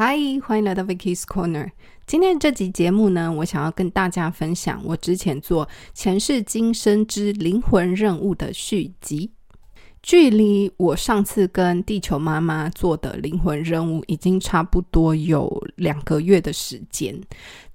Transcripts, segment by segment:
Hi, 歡迎來到 Vicky's Corner。今天這集節目呢，我想要跟大家分享我之前做《前世今生之靈魂任務》的續集。距離我上次跟地球媽媽做的靈魂任務已經差不多有兩個月的時間，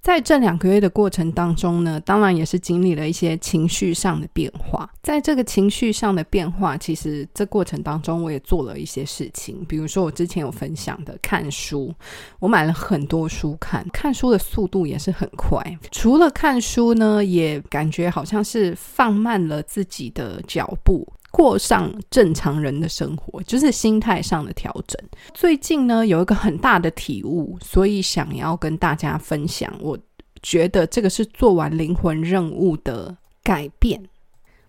在這兩個月的過程當中呢，當然也是經歷了一些情緒上的變化。在這個情緒上的變化，其實這過程當中我也做了一些事情，比如說我之前有分享的看書，我買了很多書看，看書的速度也是很快。除了看書呢，也感覺好像是放慢了自己的腳步。過上正常人的生活，就是心態上的調整。最近呢，有一個很大的體悟，所以想要跟大家分享。我覺得這個是做完靈魂任務的改變。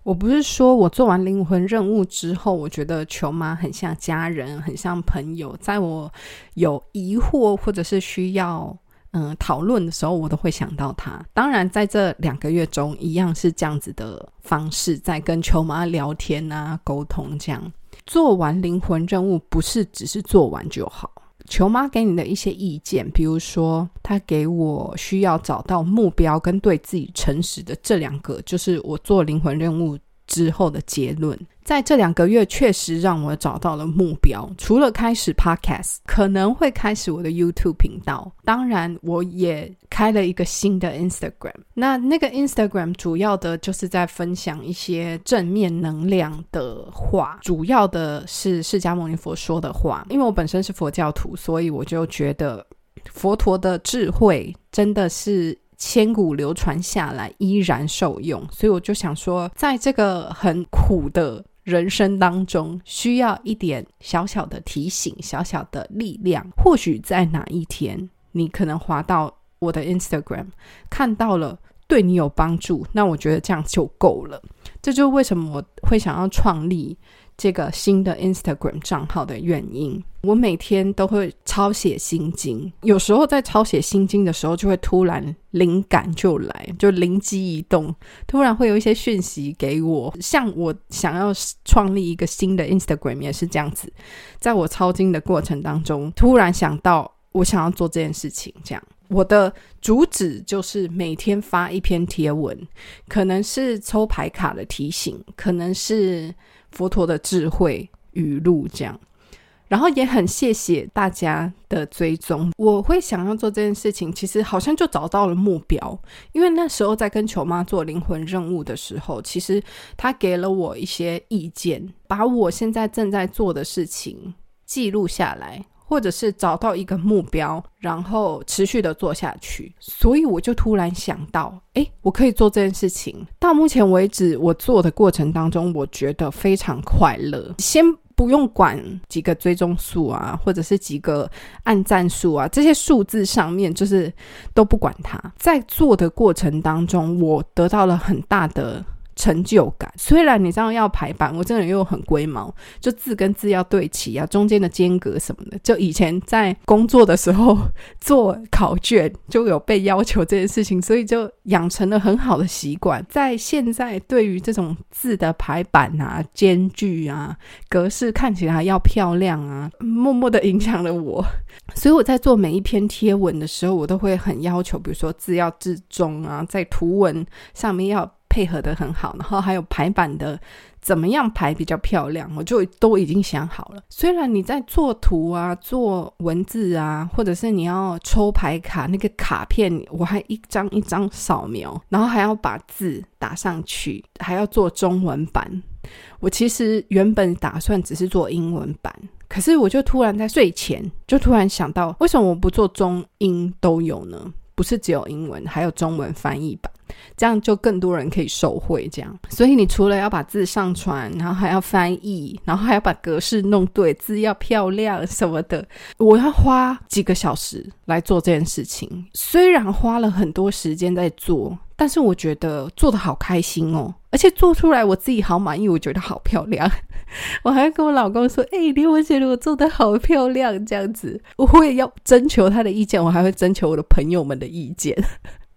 我不是說我做完靈魂任務之後，我覺得球媽很像家人，很像朋友，在我有疑惑或者是需要。嗯，討論的時候我都會想到他。當然，在這兩個月中，一樣是這樣子的方式，在跟球媽聊天啊，溝通這樣。做完靈魂任務，不是只是做完就好。球媽給你的一些意見，比如說，她給我需要找到目標跟對自己誠實的這兩個，就是我做靈魂任務。之後的結論，在這兩個月確實讓我找到了目標。除了開始 Podcast，可能會開始我的 YouTube 頻道。當然，我也開了一個新的 Instagram。那那個 Instagram 主要的就是在分享一些正面能量的話，主要的是釋迦牟尼佛說的話。因為我本身是佛教徒，所以我就覺得佛陀的智慧真的是。千古流傳下來，依然受用。所以我就想說，在這個很苦的人生當中，需要一點小小的提醒，小小的力量。或許在哪一天，你可能滑到我的 Instagram，看到了對你有幫助，那我覺得這樣就夠了。這就是為什麼我會想要創立這個新的 Instagram 賬號的原因。我每天都會抄寫心經，有時候在抄寫心經的時候，就會突然靈感就來，就靈機一動，突然會有一些訊息給我，像我想要創立一個新的 Instagram 也是這樣子。在我抄經的過程當中，突然想到我想要做這件事情，這樣。我的主旨就是每天發一篇貼文，可能是抽牌卡的提醒，可能是佛陀的智慧語錄這樣，然後也很謝謝大家的追蹤。我會想要做這件事情，其實好像就找到了目標，因為那時候在跟球媽做靈魂任務的時候，其實她給了我一些意見，把我現在正在做的事情記錄下來。或者是找到一個目標，然後持續的做下去。所以我就突然想到，誒，我可以做這件事情。到目前為止，我做的過程當中，我覺得非常快樂。先不用管幾個追蹤數啊，或者是幾個按讚數啊，這些數字上面就是都不管它。在做的過程當中，我得到了很大的。成就感。雖然你知道要排版，我這個人又很龜毛，就字跟字要對齊啊，中間的間隔什麼的。就以前在工作的時候做考卷，就有被要求這件事情，所以就養成了很好的習慣。在現在對於這種字的排版啊、間距啊、格式看起來要漂亮啊，默默的影響了我。所以我在做每一篇貼文的時候，我都會很要求，比如說字要置中啊，在圖文上面要。配合的很好，然後還有排版的，怎麼樣排比較漂亮，我就都已經想好了。雖然你在做圖啊、做文字啊，或者是你要抽牌卡，那個卡片我還一張一張掃描，然後還要把字打上去，還要做中文版。我其實原本打算只是做英文版，可是我就突然在睡前就突然想到，為什麼我不做中英都有呢？不是只有英文，還有中文翻譯版。這樣就更多人可以受匯，這樣。所以你除了要把字上傳，然後還要翻譯，然後還要把格式弄對，字要漂亮什麼的。我要花幾個小時來做這件事情。雖然花了很多時間在做，但是我覺得做的好開心哦，嗯、而且做出來我自己好滿意，我覺得好漂亮。 我還要跟我老公說：“誒、欸，你我覺得我做的好漂亮。”這樣子，我也要徵求他的意見，我還會徵求我的朋友們的意見。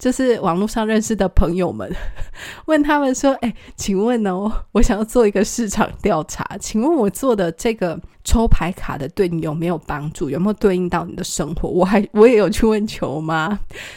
就是網絡上認識的朋友們問他們說：“欸，請問喔，我想要做一個市場調查，請問我做的這個抽牌卡的對你有沒有幫助？有沒有對應到你的生活？”我還我也有去問球媽，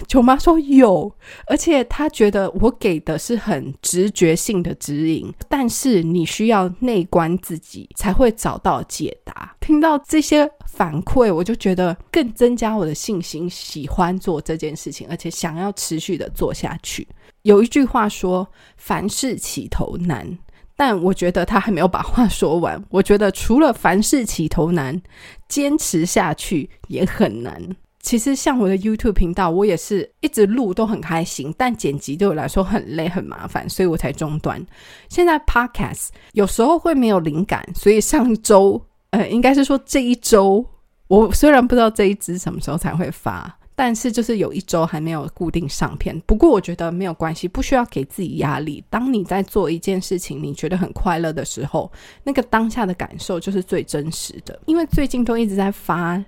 球媽說有，而且她覺得我給的是很直覺性的指引，但是你需要內觀自己才會找到解答。聽到這些反饋，我就覺得更增加我的信心，喜歡做這件事情，而且想要持。持續的做下去。有一句話說“凡事起頭難”，但我覺得他還沒有把話說完。我覺得除了“凡事起頭難”，堅持下去也很難。其實像我的 YouTube 頻道，我也是一直錄都很開心，但剪輯對我來說很累很麻煩，所以我才中斷。現在 Podcast 有時候會沒有靈感，所以上周呃，應該是說這一周，我雖然不知道這一支什麼時候才會發。但是就是有一周還沒有固定上片，不過我覺得沒有關係，不需要給自己壓力。當你在做一件事情，你覺得很快樂的時候，那個當下的感受就是最真實的。因為最近都一直在發。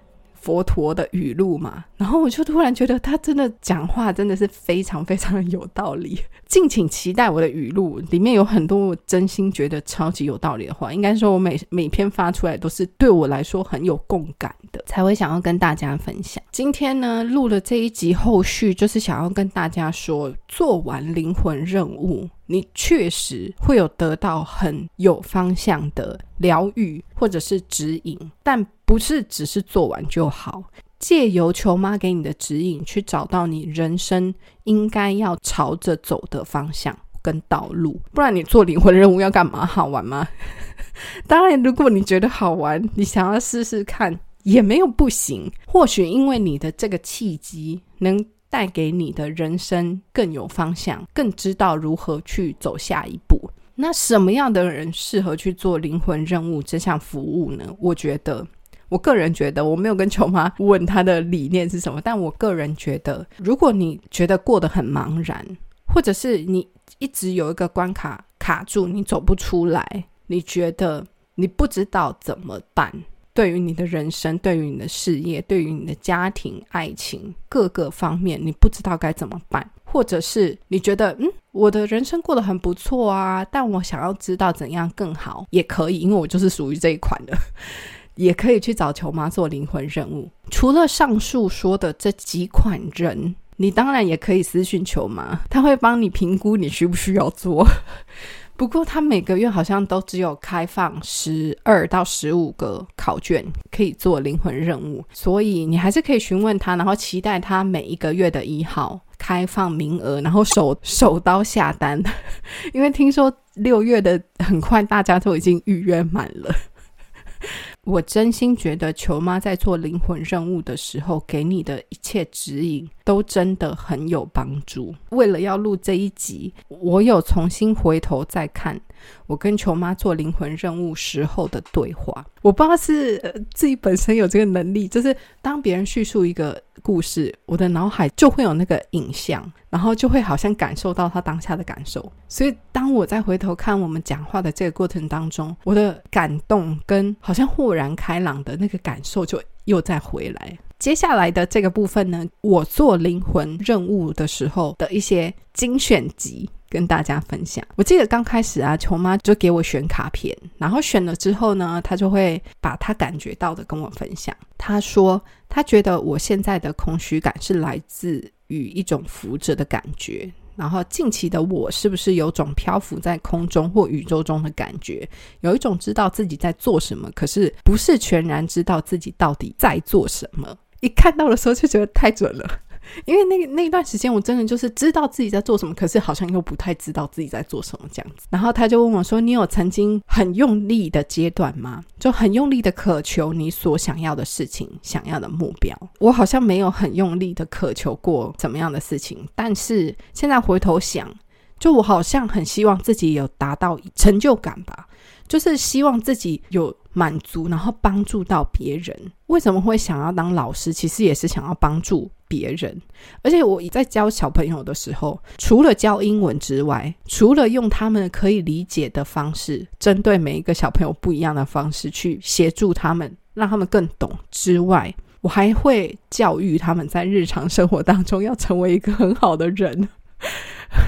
佛陀的語錄嘛，然後我就突然覺得他真的講話真的是非常非常有道理。敬請期待我的語錄，裡面有很多我真心覺得超級有道理的話。應該說，我每每篇發出來都是對我來說很有共感的，才會想要跟大家分享。今天呢，錄了這一集，後續就是想要跟大家說，做完靈魂任務，你確實會有得到很有方向的療癒或者是指引，但。不是只是做完就好，借由球媽給你的指引，去找到你人生應該要朝着走的方向跟道路。不然你做靈魂任務要幹嘛？好玩嗎？ 當然，如果你覺得好玩，你想要試試看，也沒有不行。或許因為你的這個契機，能帶給你的人生更有方向，更知道如何去走下一步。那什麼樣的人適合去做靈魂任務這項服務呢？我覺得。我個人覺得，我沒有跟球媽問她的理念是什麼，但我個人覺得，如果你覺得過得很茫然，或者是你一直有一個關卡卡住，你走不出來，你覺得你不知道怎麼辦，對於你的人生，對於你的事業，對於你的家庭、愛情各個方面，你不知道該怎麼辦，或者是你覺得，嗯，我的人生過得很不錯啊，但我想要知道怎樣更好，也可以，因為我就是屬於這一款的。也可以去找球媽做靈魂任務。除了上述說的這幾款人，你當然也可以私訊球媽，她會幫你評估你需不需要做。不過她每個月好像都只有開放十二到十五個考卷可以做靈魂任務，所以你還是可以詢問她，然後期待她每一個月的一號開放名額，然後手手刀下單。因為聽說六月的很快大家都已經預約滿了。我真心覺得，球媽在做靈魂任務的時候，給你的一切指引，都真的很有幫助。為了要錄這一集，我有重新回頭再看我跟球媽做靈魂任務時候的對話。我不知道是，呃，自己本身有這個能力，就是當別人敘述一個故事，我的腦海就會有那個影像，然後就會好像感受到他當下的感受。所以當我再回頭看我們講話的這個過程當中，我的感動跟好像豁然開朗的那個感受就又再回來。接下來的這個部分呢，我做靈魂任務的時候的一些精選集跟大家分享。我記得剛開始啊，瓊媽就給我選卡片，然後選了之後呢，她就會把她感覺到的跟我分享。她說她覺得我現在的空虛感是來自於一種浮着的感覺，然後近期的我是不是有種漂浮在空中或宇宙中的感覺？有一種知道自己在做什麼，可是不是全然知道自己到底在做什麼。一看到的時候就覺得太準了，因為那個那段時間我真的就是知道自己在做什麼，可是好像又不太知道自己在做什麼這樣子。然後他就問我說：“你有曾經很用力的階段嗎？就很用力的渴求你所想要的事情、想要的目標。”我好像沒有很用力的渴求過怎麼樣的事情，但是現在回頭想，就我好像很希望自己有達到成就感吧。就是希望自己有滿足，然後幫助到別人。為什麼會想要當老師？其實也是想要幫助別人。而且我在教小朋友的時候，除了教英文之外，除了用他們可以理解的方式，針對每一個小朋友不一樣的方式去協助他們，讓他們更懂之外，我還會教育他們在日常生活當中要成為一個很好的人。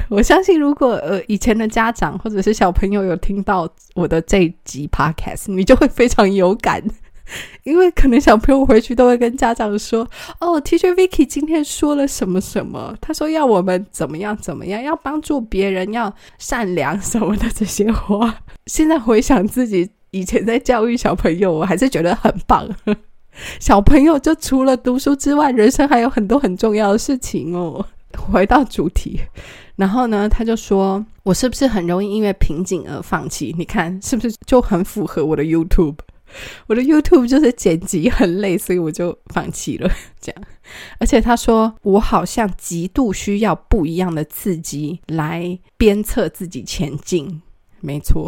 我相信，如果呃以前的家長或者是小朋友有聽到我的這一集 podcast，你就會非常有感， 因為可能小朋友回去都會跟家長說：“哦，Teacher Vicky 今天說了什麼什麼，他說要我們怎麼樣怎麼樣，要幫助別人，要善良什麼的這些話。 ”現在回想自己以前在教育小朋友，我還是覺得很棒。 小朋友就除了讀書之外，人生還有很多很重要的事情哦。回到主題，然後呢，他就說我是不是很容易因為瓶頸而放棄？你看是不是就很符合我的 YouTube？我的 YouTube 就是剪輯很累，所以我就放棄了。這樣，而且他說我好像極度需要不一樣的刺激來鞭策自己前進。沒錯，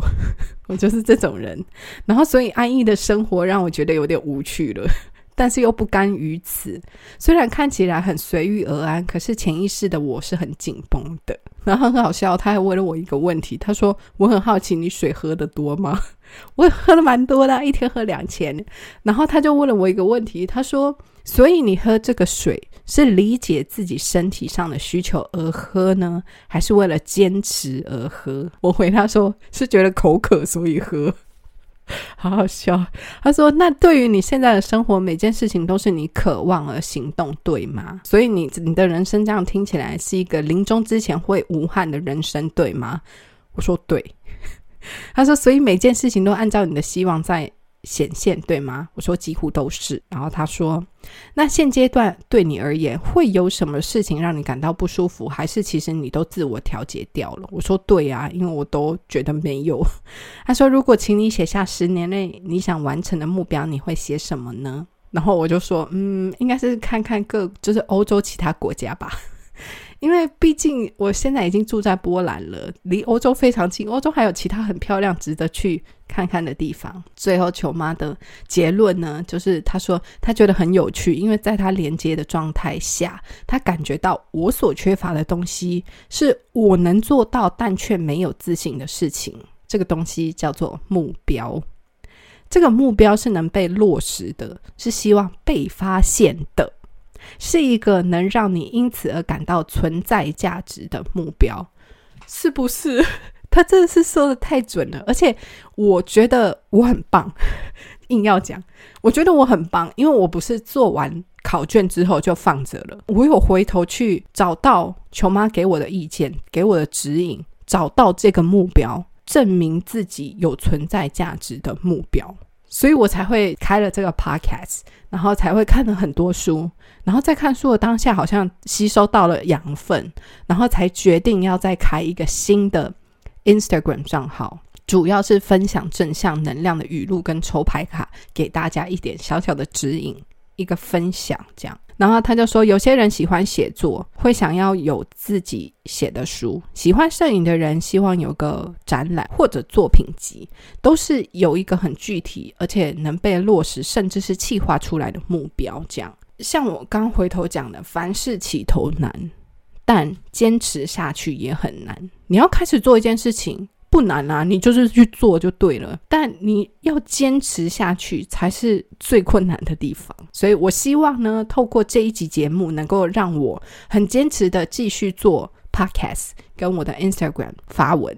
我就是這種人。然後，所以安逸的生活讓我覺得有點無趣了。但是又不甘於此，雖然看起來很隨遇而安，可是潛意識的我是很緊繃的。然後很好笑，他還問了我一個問題，他說：“我很好奇，你水喝得多嗎？” 我喝了蠻多的，一天喝兩千。然後他就問了我一個問題，他說：“所以你喝這個水是理解自己身體上的需求而喝呢，還是為了堅持而喝？”我回他說：“是覺得口渴所以喝。”好好笑，他說：“那對於你現在的生活，每件事情都是你渴望而行動，對嗎？所以你你的人生這樣聽起來是一個臨終之前會無憾的人生，對嗎？”我說：“對。 ”他說：“所以每件事情都按照你的希望在”顯現對嗎？我說幾乎都是。然後他說：“那現階段對你而言，會有什麼事情讓你感到不舒服？還是其實你都自我調節掉了？”我說：“對啊，因為我都覺得沒有。”他說：“如果請你寫下十年內你想完成的目標，你會寫什麼呢？”然後我就說：“嗯，應該是看看各就是歐洲其他國家吧。”因為畢竟我現在已經住在波蘭了，離歐洲非常近。歐洲還有其他很漂亮、值得去看看的地方。最後，球媽的結論呢，就是她說她覺得很有趣，因為在她連接的狀態下，她感覺到我所缺乏的東西，是我能做到但卻沒有自信的事情。這個東西叫做目標。這個目標是能被落實的，是希望被發現的。是一個能讓你因此而感到存在價值的目標，是不是？他真的是說得太準了。而且，我覺得我很棒，硬要講，我覺得我很棒，因為我不是做完考卷之後就放着了，我有回頭去找到球媽給我的意見，給我的指引，找到這個目標，證明自己有存在價值的目標。所以我才會開了這個 podcast，然後才會看了很多書，然後在看書的當下，好像吸收到了養分，然後才決定要再開一個新的 Instagram 賬號，主要是分享正向能量的語錄跟抽牌卡，給大家一點小小的指引，一個分享這樣。然後他就說，有些人喜歡寫作，會想要有自己寫的書；喜歡攝影的人希望有個展覽或者作品集，都是有一個很具體而且能被落實，甚至是企劃出來的目標。這樣，像我剛回頭講的，凡事起頭難，但堅持下去也很難。你要開始做一件事情。不難啊，你就是去做就對了。但你要堅持下去才是最困難的地方，所以我希望呢，透過這一集節目，能夠讓我很堅持的繼續做 podcast，跟我的 Instagram 發文。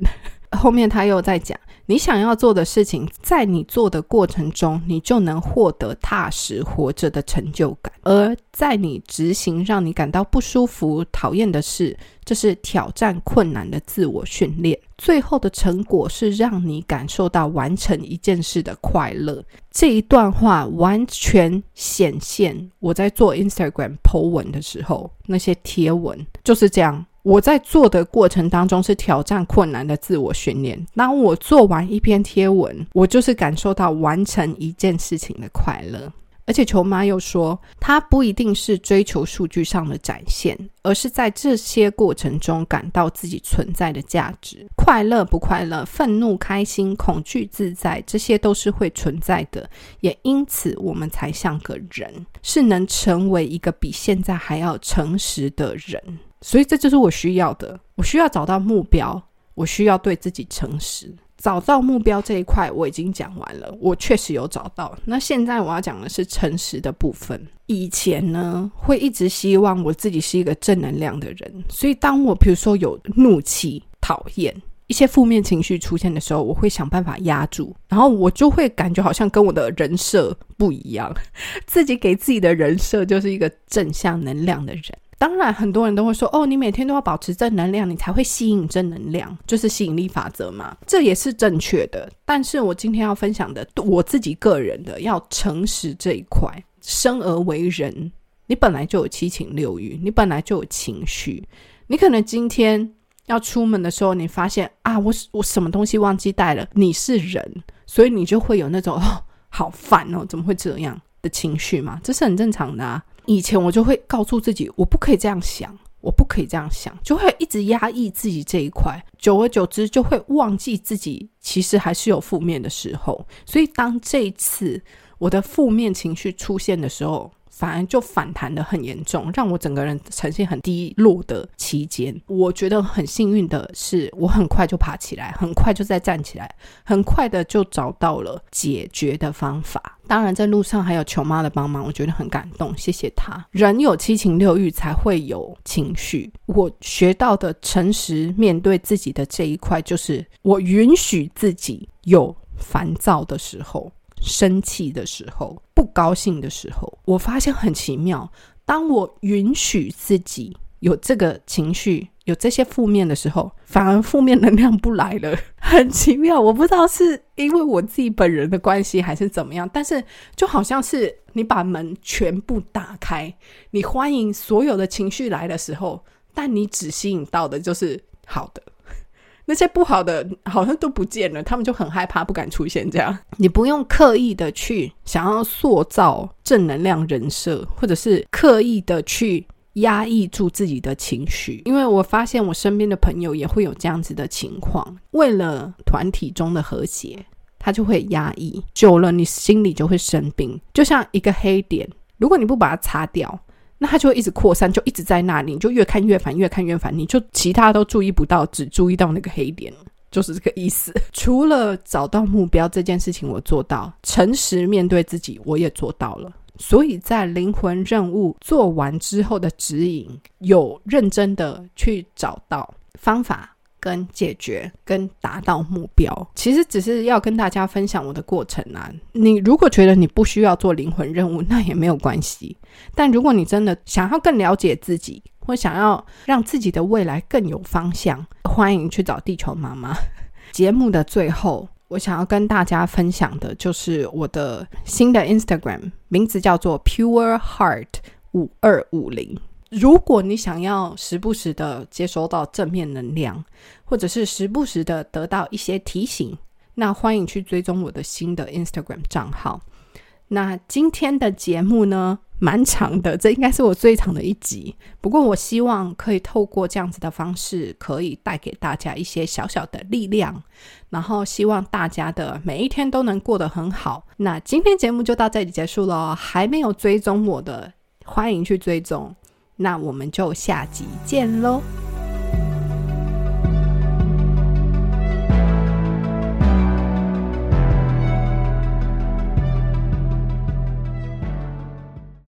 後面他又在講。你想要做的事情，在你做的過程中，你就能獲得踏實活着的成就感；而在你執行讓你感到不舒服、討厭的事，這是挑戰困難的自我訓練。最後的成果是讓你感受到完成一件事的快樂。這一段話完全顯現我在做 Instagram Po 文的時候，那些貼文就是這樣。我在做的過程當中是挑戰困難的自我訓練。當我做完一篇貼文，我就是感受到完成一件事情的快樂。而且球媽又說，她不一定是追求數據上的展現，而是在這些過程中感到自己存在的價值。快樂不快樂，憤怒、開心、恐懼、自在，這些都是會存在的。也因此，我們才像個人，是能成為一個比現在還要誠實的人。所以這就是我需要的，我需要找到目標，我需要對自己誠實。找到目標這一塊我已經講完了，我確實有找到。那現在我要講的是誠實的部分。以前呢，會一直希望我自己是一個正能量的人，所以當我比如說有怒氣、討厭一些負面情緒出現的時候，我會想辦法壓住，然後我就會感覺好像跟我的人設不一樣，自己給自己的人設就是一個正向能量的人。當然，很多人都會說：“哦，你每天都要保持正能量，你才會吸引正能量，就是吸引力法則嘛。”這也是正確的。但是我今天要分享的，我自己個人的，要誠實這一塊。生而為人，你本來就有七情六欲，你本來就有情緒。你可能今天要出門的時候，你發現啊，我我什麼東西忘記帶了。你是人，所以你就會有那種哦，好煩哦，怎麼會這樣的情緒嘛？這是很正常的啊。以前我就會告訴自己，我不可以這樣想，我不可以這樣想，就會一直壓抑自己這一塊，久而久之就會忘記自己其實還是有負面的時候。所以當這一次我的負面情緒出現的時候，反而就反彈的很嚴重，讓我整個人呈現很低落的期間，我覺得很幸運的是，我很快就爬起來，很快就再站起來，很快的就找到了解決的方法。當然，在路上還有球媽的幫忙，我覺得很感動，謝謝她。人有七情六慾，才會有情緒。我學到的誠實面對自己的這一塊，就是我允許自己有煩躁的時候。生氣的時候，不高興的時候，我發現很奇妙。當我允許自己有這個情緒，有這些負面的時候，反而負面能量不來了，很奇妙。我不知道是因為我自己本人的關係，還是怎麼樣。但是，就好像是你把門全部打開，你歡迎所有的情緒來的時候，但你只吸引到的就是好的。那些不好的好像都不見了，他們就很害怕，不敢出現這樣。你不用刻意的去想要塑造正能量人設，或者是刻意的去壓抑住自己的情緒，因為我發現我身邊的朋友也會有這樣子的情況，為了團體中的和諧，他就會壓抑，久了你心裡就會生病，就像一個黑點，如果你不把它擦掉。那它就會一直擴散，就一直在那裡，你就越看越煩，越看越煩，你就其他都注意不到，只注意到那個黑點，就是這個意思。除了找到目標這件事情，我做到，誠實面對自己，我也做到了。所以在靈魂任務做完之後的指引，有認真的去找到方法。跟解決、跟達到目標，其實只是要跟大家分享我的過程啊。你如果覺得你不需要做靈魂任務，那也沒有關係。但如果你真的想要更了解自己，或想要讓自己的未來更有方向，歡迎去找地球媽媽。節目的最後，我想要跟大家分享的就是我的新的 Instagram，名字叫做 Pure Heart 五二五零。如果你想要時不時的接收到正面能量，或者是時不時的得到一些提醒，那歡迎去追蹤我的新的 Instagram 賬號。那今天的節目呢，蠻長的，這應該是我最長的一集。不過，我希望可以透過這樣子的方式，可以帶給大家一些小小的力量，然後希望大家的每一天都能過得很好。那今天節目就到這裡結束了哦，還沒有追蹤我的，歡迎去追蹤。那我們就下集見嘍。